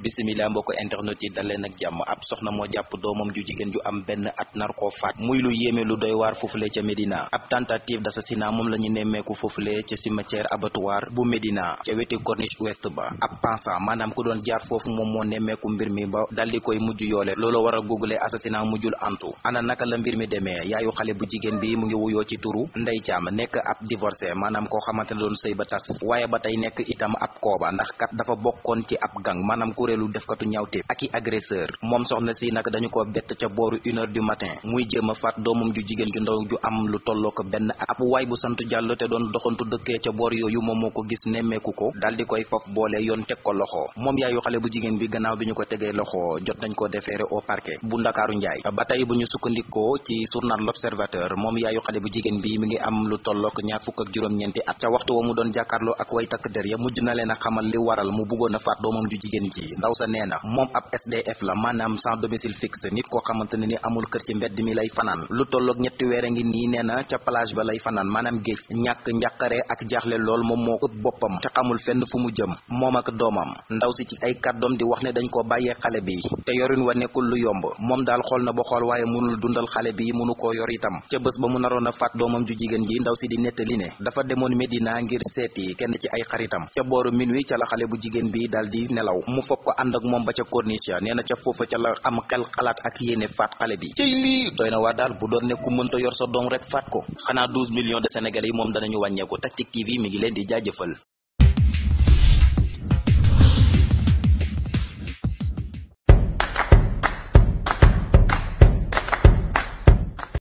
bisimila mbokk internet yi daleen ak jàmm ab soxna moo jàpp doomam ju jigéen ju am benn at nar koo faat muy lu yéeme lu doy waar foofule ca Médina ab tentative d'assassinat moom la ñu nemmeeku foofule ca cimetière abattoir bu Médina ca weti corniche ouest ba ab pensant maanaam ku doon jaar foofu moom moo nemmeeku mbir mi ba daldi koy mujj yoole loolu war a google assassinat mujjul antu ana naka la mbir mi demee yaayu xale bu jigéen bi mu ngi wuyoo ci turu Ndey Caam nekk ab divorcé maanaam koo xamante ne doon sëy ba tas waaye ba tey nekk itam ab kooba ndax kat dafa bokkoon ci ab gang kuréelu defkatu ñaawteef ak i agresseur moom soxna si nag dañu ko bett ca booru une heure du matin muy jéem a faat doomam ju jigéen ju ndaw ju am lu tolloo ko benn ab waay bu sant jàll te doon doxantu dëkke ca boor yooyu moom moo ko gis nemmeeku ko daal di koy faf boole yoon teg ko loxo moom yaayu xale bu jigéen bi gannaaw bi ñu ko tegee loxo jot nañ ko déféré au parquet bu ndakaaru njaay ba tey bu ñu sukkandikoo ci journal l'observateur moom yaayu xale bu jigéen bi mi ngi am lu tollook ñaar fukk ak juróom-ñeenti at wa mu doon jàkkaarloo ak way takk der ya waral mu bëggoon a faat doomam ju jigéen ji ndaw sa nee na moom ab SDF la maanaam sans domicile fixe nit koo xamante ne ni amul kër ci mbedd mi lay fanaan lu tolloog ñetti weer a ngi nii nee na ca palage ba lay fanaan maanaam géej ñàkk njàqare ak jaaxle lool moom moo ëpp boppam te xamul fenn fu mu jëm moom ak doomam ndaw si ci ay kàddoom di wax ne dañ ko bàyyee xale bi te yorin wa nekkul lu yomb moom daal xool na ba xool waaye mënul dundal xale bi mënu koo yor itam ca bés ba mu naroon a faat doomam ju jigéen ji ndaw si di nettali dafa demoon Medina ngir seeti kenn ci ay xaritam ca booru minuit ca la xale bu jigéen bi daal di nelaw mu fopp ko ànd ak moom ba ca corniche nee na ca foofa ca la am xel xalaat ak yéene faat xale bi cëy lii doy na waa daal bu doon ne ku mënta yor sa doom rek faat ko xanaa 12 millions de sénégalais yi moom danañu wàññeeku Tactic TV mi ngi leen di jaajëfal